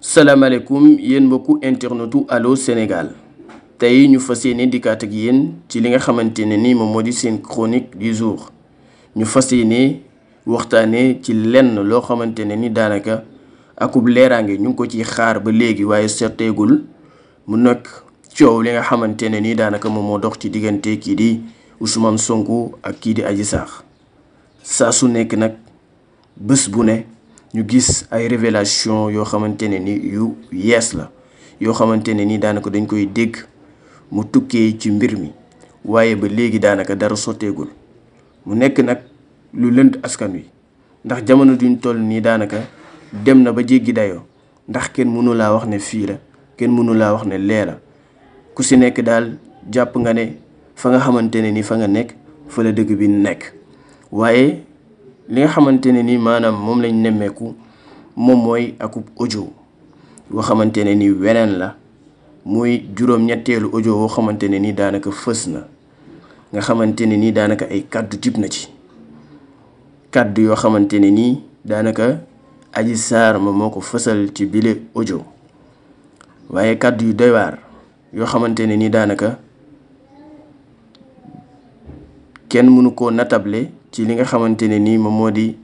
salaamaaleykum yéen mbokku internetu Allô Sénégal tey ñu fas yéene dikkaat ak ci li nga xamante ne ni moom moo di seen chronique du jour ñu fas yéene waxtaanee ci lenn loo xamante ne ni daanaka akub leeraange ñu ngi ko ciy xaar ba léegi waaye setteegul mu nekk coow li nga xamante ne nii daanaka moom moo dox ci diggante kii di Ousmane Sonko ak kii di aji Sarr saa su nekk nag bés bu ne ñu gis ay révélation yoo xamante ne ni yu yees la yoo xamante ne ni daanaka dañ koy dégg mu tukkee ci mbir mi waaye ba léegi daanaka dara sotteegul mu nekk nag lu lënt askan wi ndax jamono duñ toll nii daanaka dem na ba jéggi dayoo ndax kenn mënu laa wax ne fii la kenn mënu laa wax ne lee ku si nekk daal jàpp nga ne fa nga xamante ne ni fa nga nekk fa la dëgg bi nekk waaye li nga xamante ne ni maanaam moom lañ nemmeeku moom mooy akub audio boo xamante ne ni weneen la mooy juróom-ñetteelu audio woo xamante ne ni daanaka fës na nga xamante ne ni daanaka ay kàddu jib na ci kàddu yoo xamante ne ni daanaka aji Sarr moom moo ko fësal ci bile ojo waaye kàddu yu doy yoo xamante ne ni daanaka kenn mënu koo natable ci li nga xamante ne ni moom moo di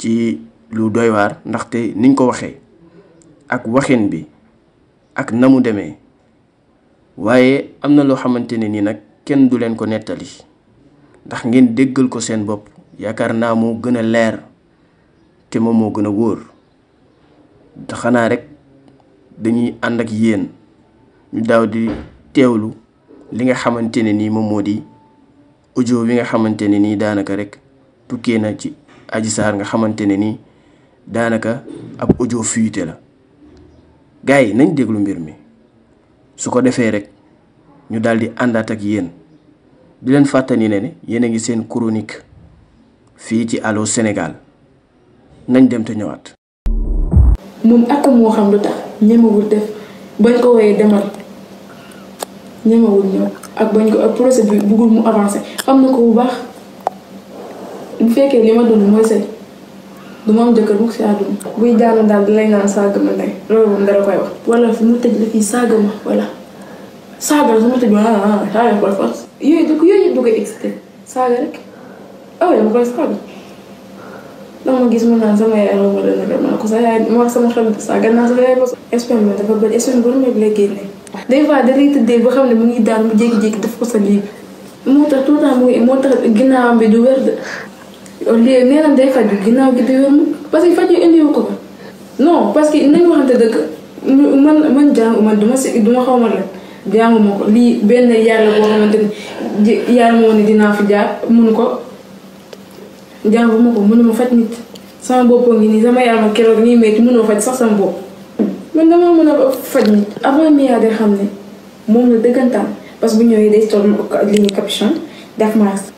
ci lu doy waar ndaxte niñ ko waxee ak waxin bi ak na mu demee waaye am na loo xamante ne ni nag kenn du leen ko nettali ndax ngeen déggal ko seen bopp yaakaar naa moo gën a leer. te moom moo gën a wóor xanaa rek dañuy ànd ak yéen ñu daaw di teewlu li nga xamante ne nii moom moo di audio bi nga xamante ne nii daanaka rek tukkee na ci Adji Sarr nga xamante ne nii daanaka ab ojo fuité la gars yi nañ déglu mbir mi su ko defee rek ñu daldi àndaat ak yéen di leen fàttali ne ne yéen a ngi seen chronique fii ci Allô Sénégal nañ dem te ñëwaat. moom ak moo xam lu tax ñemewul def bañ ko woyee demal ñemewul ñëw ak bañ ko ak bi bëggul mu avancé xam na ko bu baax bu fekkee li ma dund mooy sëy du ma jëkkër mukk si àdduna. buy daanu daal di lay naan saaga ma ndey loolu moom dara koy wax. wala fi mu tëj la fii saaga ma wala saaga la su ma tëj ma ah ah saaga ah, ah, par force. yooyu du yooyu yëpp du koy excité saaga rek ah oui koy saaga. dama gis ma naan sama yaay moom sa yaay ma sama da ne mu ngi daal mu jékki-jékki def ko sa lii moo tax moo tax bi du wér de lii nee na day faju ginnaaw gi du wér parce que faj yi indiwu ko no parce que nañu waxante dëkk man man jàngu man duma si duma xaw ma la jàngu ma ko lii benn yàlla boo xamante ni yàlla ne dinaa fi jaar mënu ko. jànguma ko mënuma faj nit sama boppoo ngi nii sama yaram keroog nii faj sax sama bopp man damaa mën a faj nit avant milliardaire xam ne moom na dëggantaan parce que bu ñëwee day toll li ñu capuchon def maas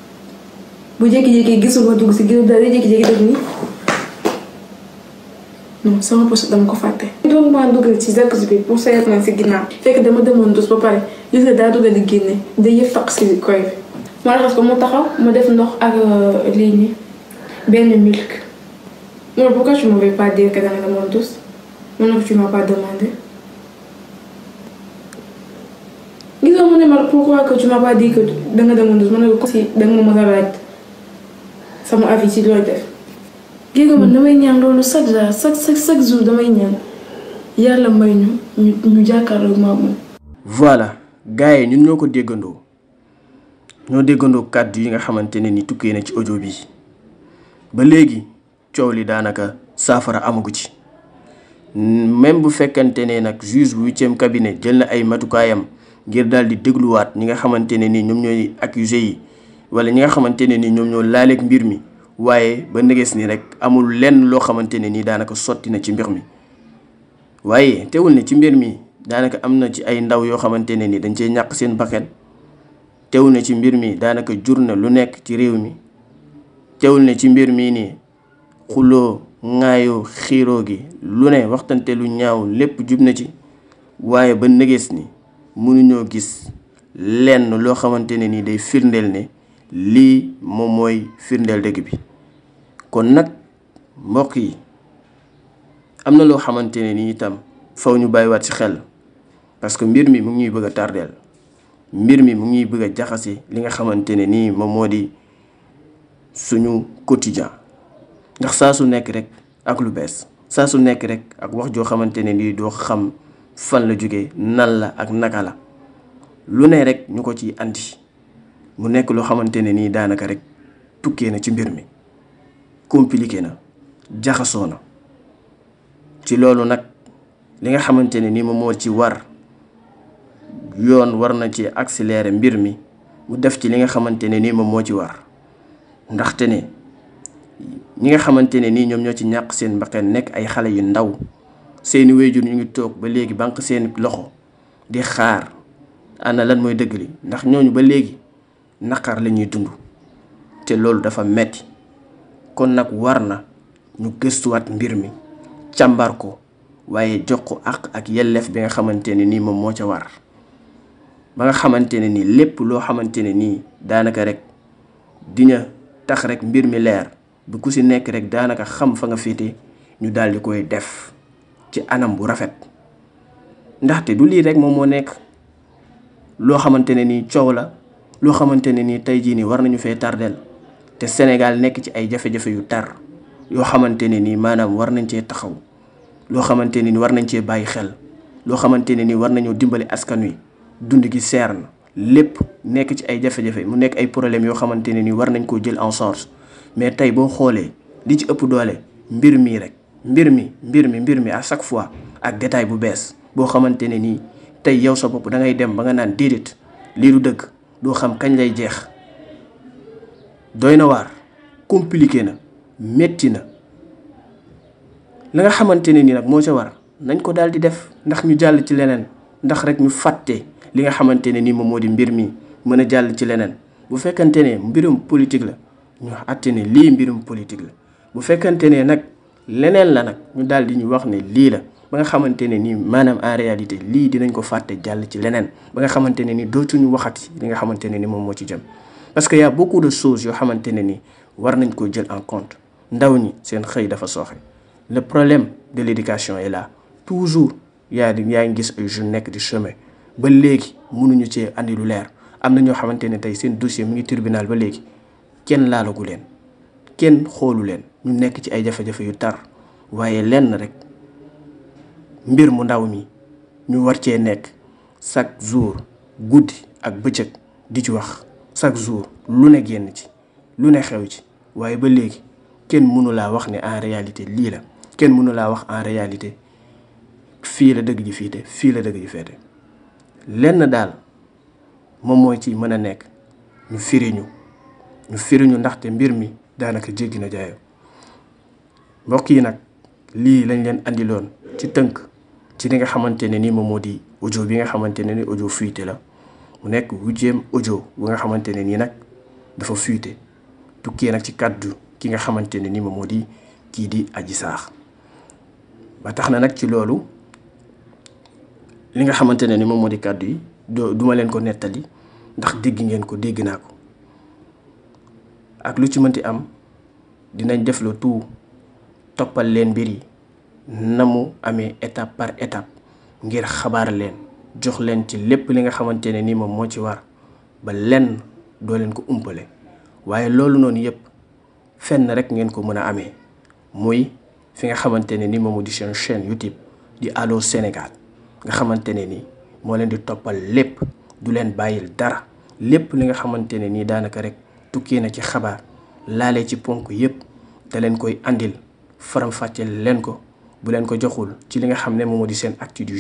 bu jékki-jékki dugg si gis dara jékki-jékki def dama ko fàtte. donc maa dugal ci jacuzzi bi pour seet na si ginnaaw. fekk dama demoon dus ba pare gis daa dugal di génne day yëf taq si koy ma raxas ko mu taxaw ma def ndox ak euh, lii nii. benn milk. Non, pourquoi tu ne m'avais pas dit que tu avais demandé tous Maintenant pas demandé. Dis-moi, mon aimant, pourquoi que tu ne pas dit que tu avais demandé tous si tu m'as pas dit, ça m'a avis, tu dois le faire. Gégé man damay ñaan loolu chaque jour chaque chaque chaque jour damay ñaan yàlla may ñu ñu ñu jàkkaarloo ma voilà gars yi ñun ñoo ko déggandoo ñoo déggandoo kàddu yi nga xamante ne ni tukkee na ci audio bi. ba léegi coow li daanaka saafara amagu ci même bu fekkante ne nag juge bu huitième cabinet jël na ay matukaayam ngir daal di dégluwaat ñi nga xamante ne ni ñoom ñooy accusé yi wala ñi nga xamante ne ni ñoom ñoo laaleeg mbir mi waaye ba ndegees ni rek amul lenn loo xamante ne ni daanaka sotti na ci mbir mi waaye teewul ne ci mbir mi daanaka am na ci ay ndaw yoo xamante ne ni dañ cee ñàkk seen bakkan teewul ne ci mbir mi daanaka jur na lu nekk ci réew mi teewul ne ci mbir mii nii xuloo ŋaayoo xiiroo gi lu ne waxtante lu ñaaw lépp jub na ci waaye ba nëgees ni mënuñoo gis lenn loo xamante ne ni day firndeel ne lii moom mooy firndeel dëgg bi kon nag mbokk yi am na loo xamante ne ni itam faw ñu bàyyiwaat ci xel parce que mbir mi mu ngi ñuy bëgg a tardeel mbir mi mu ngi bëgg jaxase li nga xamante ne nii moom moo di suñu quotidien ndax saa su nekk rek ak lu bees saa su nekk rek ak wax joo xamante ne nii doo xam fan la jóge nan la ak naka la lu ne rek ñu ko ci andi mu nekk loo xamante ne nii daanaka rek tukkee na ci mbir mi compliqué na jaxasoo na ci loolu nag li nga xamante ne ni moom moo ci war yoon war na ci accélérer mbir mi mu def ci li nga xamante ne ni moom moo ci war ndaxte ne ñi nga xamante ne nii ñoom ñoo ci ñàq seen mbaqeen nekk ay xale yu ndaw seeni wéyjur ñu ngi toog ba léegi banque seen loxo di xaar ana lan mooy dëgg li ndax ñooñu ba léegi naqar la ñuy dund te loolu dafa metti kon nag war na ñu gëstuwaat mbir mi càmbar ko waaye jox ko àq ak yelleef bi nga xamante ne nii moom moo ca war ba nga xamante ne nii lépp loo xamante ne nii daanaka rek dina tax rek mbir mi leer bu ku si nekk rek daanaka xam fa nga féete ñu daal di koy def ci anam bu rafet ndaxte du lii rek moom moo nekk loo xamante ne nii coow la loo xamante ne nii tey jii nii war nañu fee tardel te Sénégal nekk ci ay jafe-jafe yu tar yoo xamante ne nii maanaam war nañ cee taxaw loo xamante ni war nañ cee bàyyi xel loo xamante ne nii war nañoo dimbali askan wi dund gi seer na. lépp nekk ci ay jafe-jafe mu nekk ay problèmes yoo xamante ne ni war nañ koo jël en charge mais tey boo xoolee li ci ëpp doole mbir mii rek mbir mi mbir mi mbir mi à chaque fois ak détail bu bees boo xamante ne nii tey yow sa bopp da ngay dem ba nga naan déedéet lii du dëgg doo xam kañ lay jeex doy na waar compliqué na métti na la nga xamante ne ni nag moo ca war nañ ko daal di def ndax ñu jàll ci leneen ndax rek ñu fàtte. li nga xamante ne ni moom moo di mbir mi mën a jàll ci leneen bu fekkante ne mbirum politique la ñu àtte ne lii mbirum politique la bu fekkante ne nag leneen la nag ñu daal di ñu wax ne lii la ba nga xamante ne ni maanaam en réalité lii dinañ ko fàtte jàll ci leneen ba nga xamante ne ni dootuñu waxati li nga xamante ne ni moom moo ci jëm parce que y a beaucoup de choses yoo xamante ne ni war nañ ko jël en compte ndaw ñi seen xëy dafa sooxe le problème de l'éducation est là toujours yaa di yaa ngi gis ay jeunes nekk di chemin ba léegi mënuñu cee andi leer am na ñoo xamante ne tey seen dossier mu ngi tribunal ba léegi kenn laalagu leen kenn xoolu leen ñu nekk ci ay jafe-jafe yu tar waaye lenn rek mbir mu ndaw mi ñu war cee nekk chaque jour guddi ak bëccëg di ci wax chaque jour lu ne génn ci lu ne xew ci waaye ba léegi kenn mënu laa wax ne en réalité lii la kenn mënu laa wax en réalité fii la dëgg ji de fii la dëgg ji feete lenn daal moom mooy ci mën a nekk ñu firiñu ñu firiñu ndaxte mbir mi daanaka jéggi na jaayo mbokk yi nag lii lañ leen indiloon ci tënk ci li nga xamante ne ni moom moo di audio bi nga xamante ne ni audio fuité la mu nekk huitième audio bu nga xamante ne nii nag dafa fuité tukkee nag ci kàddu ki nga xamante ne ni moom moo di kii di aji saax ba tax na nag ci loolu li nga xamante ne ni moom moo di kàddu yi duma leen ko nettali ndax dégg ngeen ko dégg naa ko ak lu ci mënti am dinañ def le tout toppal leen mbir yi na mu amee étape par étape ngir xabaar leen jox leen ci lépp li nga xamante ne ni moom moo ci war ba lenn doo leen ko umpale waaye loolu noonu yëpp fenn rek ngeen ko mën a amee muy fi nga xamante ne ni moom di seen chaîne YouTube di Allô Sénégal nga xamante ne ni moo leen di toppal lépp du leen bàyyil dara lépp li nga xamante ne nii daanaka rek tukkee na ci xabaar laale ci ponk yépp da leen koy andil faram-fàcceel leen ko bu leen ko joxul ci li nga xam ne moom moo di seen actu du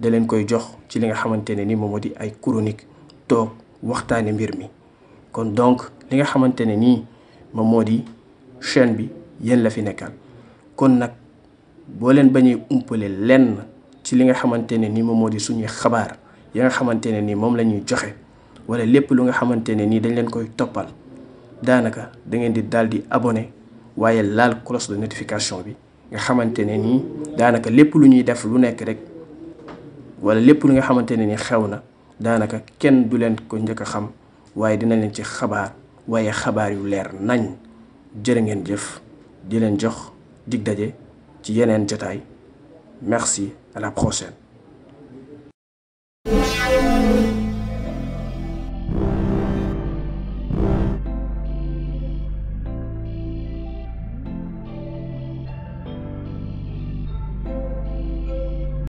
da leen koy jox ci li nga xamante ne ni moom moo di ay chronique toog waxtaane mbir mi kon donc li nga xamante ne nii moom moo di chaîne bi yéen la fi nekkal kon nag boo leen bañuy umpale lenn ci li nga xamante ne ni moom moo di suñuy xabaar yi nga xamante ne ni moom la ñuy joxe wala lépp lu nga xamante ne nii dañ leen koy toppal daanaka da ngeen di daal di abonné waaye laal cloche de notification bi nga xamante ne nii daanaka lépp lu ñuy def lu nekk rek wala lépp lu nga xamante ne ni xew na daanaka kenn du leen ko njëkk a xam waaye dina leen ci xabaar waaye xabaar yu leer nañ jërë ngeen jëf di leen jox dig daje ci yeneen jotaay Merci, à la prochaine.